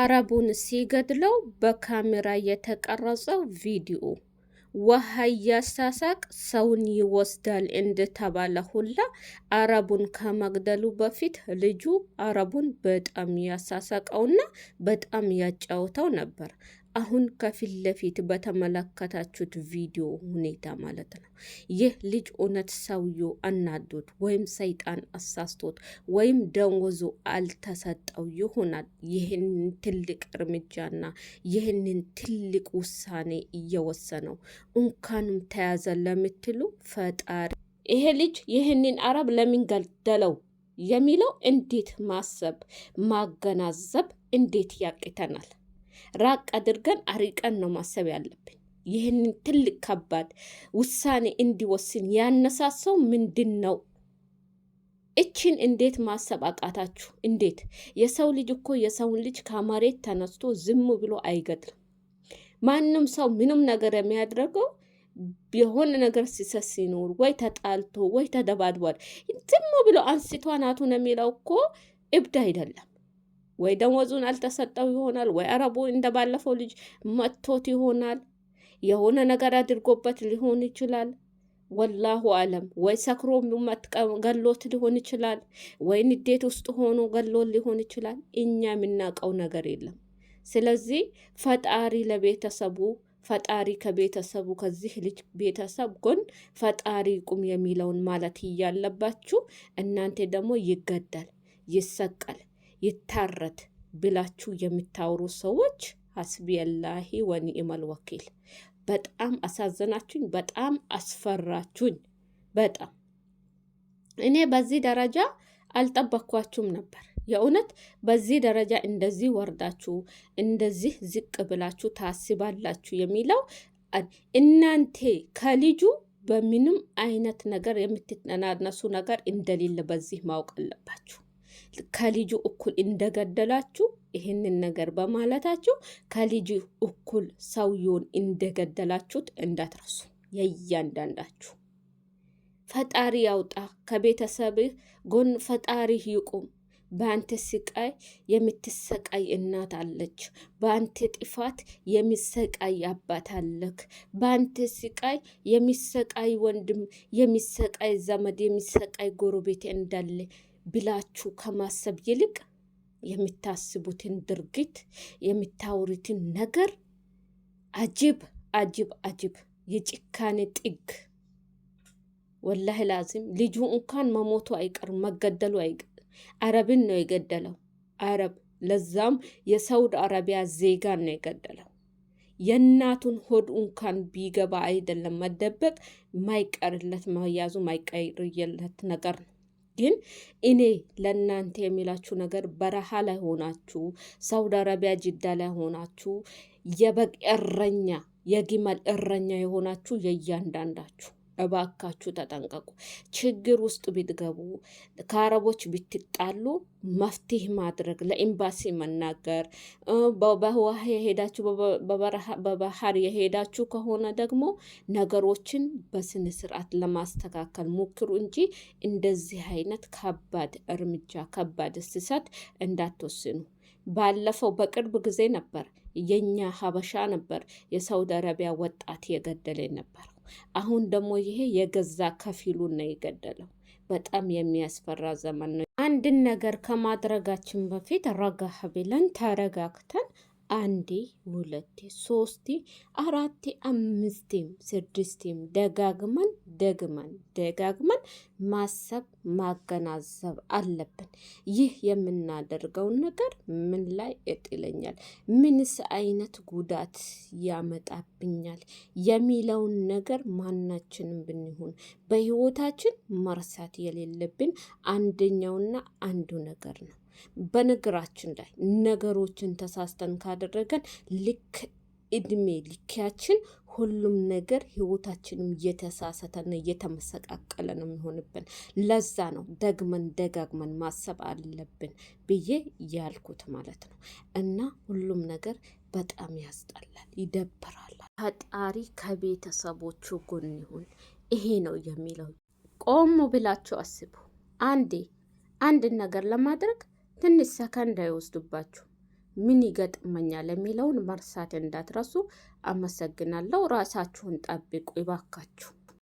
አረቡን ሲገድለው በካሜራ የተቀረጸው ቪዲዮ ውሃ እያሳሳቅ ሰውን ይወስዳል እንደተባለ ሁላ አረቡን ከመግደሉ በፊት ልጁ አረቡን በጣም ያሳሳቀውና በጣም ያጫውተው ነበር። አሁን ከፊት ለፊት በተመለከታችሁት ቪዲዮ ሁኔታ ማለት ነው። ይህ ልጅ እውነት ሰውዮ አናዶት ወይም ሰይጣን አሳስቶት ወይም ደንወዞ አልተሰጠው ይሆናል ይህንን ትልቅ እርምጃና ይህንን ትልቅ ውሳኔ እየወሰነው እንኳንም ተያዘ ለምትሉ ፈጣሪ ይሄ ልጅ ይህንን አረብ ለምን ገደለው የሚለው እንዴት ማሰብ ማገናዘብ እንዴት ያቅተናል? ራቅ አድርገን አሪቀን ነው ማሰብ ያለብን። ይህንን ትልቅ ከባድ ውሳኔ እንዲወስን ያነሳሰው ምንድን ነው? እችን እንዴት ማሰብ አቃታችሁ? እንዴት የሰው ልጅ እኮ የሰውን ልጅ ከመሬት ተነስቶ ዝም ብሎ አይገድልም። ማንም ሰው ምንም ነገር የሚያደርገው የሆነ ነገር ሲሰስ ሲኖር ወይ ተጣልቶ ወይ ተደባድቧል። ዝም ብሎ አንስቶ ናቱን የሚለው እኮ እብድ አይደለም። ወይ ደሞዙን አልተሰጠው ይሆናል፣ ወይ አረቡ እንደባለፈው ልጅ መጥቶት ይሆናል፣ የሆነ ነገር አድርጎበት ሊሆን ይችላል። ወላሁ አለም። ወይ ሰክሮ ገሎት ሊሆን ይችላል፣ ወይ ንዴት ውስጥ ሆኖ ገሎት ሊሆን ይችላል። እኛ የምናውቀው ነገር የለም። ስለዚህ ፈጣሪ ለቤተሰቡ ፈጣሪ ከቤተሰቡ ከዚህ ልጅ ቤተሰብ ጎን ፈጣሪ ቁም የሚለውን ማለት እያለባችሁ እናንተ ደግሞ ይገዳል፣ ይሰቀል ይታረት ብላችሁ የምታወሩ ሰዎች ሀስቢ ወኒዕመል ወኪል። በጣም አሳዘናችሁኝ፣ በጣም አስፈራችሁኝ። በጣም እኔ በዚህ ደረጃ አልጠበኳችሁም ነበር። የእውነት በዚህ ደረጃ እንደዚህ ወርዳችሁ እንደዚህ ዝቅ ብላችሁ ታስባላችሁ የሚለው እናንተ ከልጁ በምንም አይነት ነገር የምትነናነሱ ነገር እንደሌለ በዚህ ማወቅ አለባችሁ። ከልጁ እኩል እንደገደላችሁ ይህንን ነገር በማለታችሁ ከልጁ እኩል ሰውየውን እንደገደላችሁት እንዳትረሱ። የእያንዳንዳችሁ ፈጣሪ ያውጣ፣ ከቤተሰብህ ጎን ፈጣሪ ይቁም። በአንተ ስቃይ የምትሰቃይ እናት አለች። በአንተ ጥፋት የሚሰቃይ አባት አለክ። በአንተ ስቃይ የሚሰቃይ ወንድም፣ የሚሰቃይ ዘመድ፣ የሚሰቃይ ጎረቤት እንዳለ ብላችሁ ከማሰብ ይልቅ የምታስቡትን ድርጊት የምታውሩትን ነገር አጅብ አጅብ አጅብ የጭካኔ ጥግ ወላህ ላዚም ልጁ እንኳን መሞቱ አይቀርም፣ መገደሉ አይቀርም። አረብን ነው የገደለው፣ አረብ ለዛም የሳውድ አረቢያ ዜጋን ነው የገደለው። የእናቱን ሆድ እንኳን ቢገባ አይደለም መደበቅ ማይቀርለት መያዙ ማይቀርለት ነገር ነው። ግን እኔ ለእናንተ የሚላችሁ ነገር በረሃ ላይ ሆናችሁ፣ ሳውዲ አረቢያ ጅዳ ላይ ሆናችሁ፣ የበግ እረኛ የግመል እረኛ የሆናችሁ የእያንዳንዳችሁ እባካችሁ ተጠንቀቁ። ችግር ውስጥ ቢትገቡ ከአረቦች ብትጣሉ መፍትሄ ማድረግ ለኤምባሲ መናገር፣ በውሃ የሄዳችሁ በባህር የሄዳችሁ ከሆነ ደግሞ ነገሮችን በስነ ስርዓት ለማስተካከል ሞክሩ እንጂ እንደዚህ አይነት ከባድ እርምጃ ከባድ ስሰት እንዳትወስኑ። ባለፈው በቅርብ ጊዜ ነበር የኛ ሀበሻ ነበር የሳውዲ አረቢያ ወጣት የገደለ ነበር። አሁን ደግሞ ይሄ የገዛ ከፊሉን ነው የገደለው። በጣም የሚያስፈራ ዘመን ነው። አንድን ነገር ከማድረጋችን በፊት ረጋህ ብለን ተረጋግተን አንዴ ሁለቴ ሶስቴ አራቴ አምስቴም ስድስቴም ደጋግመን ደግመን ደጋግመን ማሰብ ማገናዘብ አለብን። ይህ የምናደርገውን ነገር ምን ላይ እጥለኛል፣ ምንስ አይነት ጉዳት ያመጣብኛል የሚለውን ነገር ማናችንም ብንሆን በህይወታችን መርሳት የሌለብን አንደኛውና አንዱ ነገር ነው። በነገራችን ላይ ነገሮችን ተሳስተን ካደረገን ልክ እድሜ ልክያችን ሁሉም ነገር ህይወታችንም እየተሳሳተና እየተመሰቃቀለ ነው የሚሆንብን። ለዛ ነው ደግመን ደጋግመን ማሰብ አለብን ብዬ ያልኩት ማለት ነው። እና ሁሉም ነገር በጣም ያስጠላል፣ ይደብራል። ፈጣሪ ከቤተሰቦቹ ጎን ይሁን። ይሄ ነው የሚለው። ቆሙ ብላችሁ አስቡ። አንዴ አንድን ነገር ለማድረግ ትንሽ ሰከንድ አይወስዱባችሁ። ምን ይገጥመኛል የሚለውን መርሳት እንዳትረሱ። አመሰግናለሁ። ራሳችሁን ጠብቁ ይባካችሁ።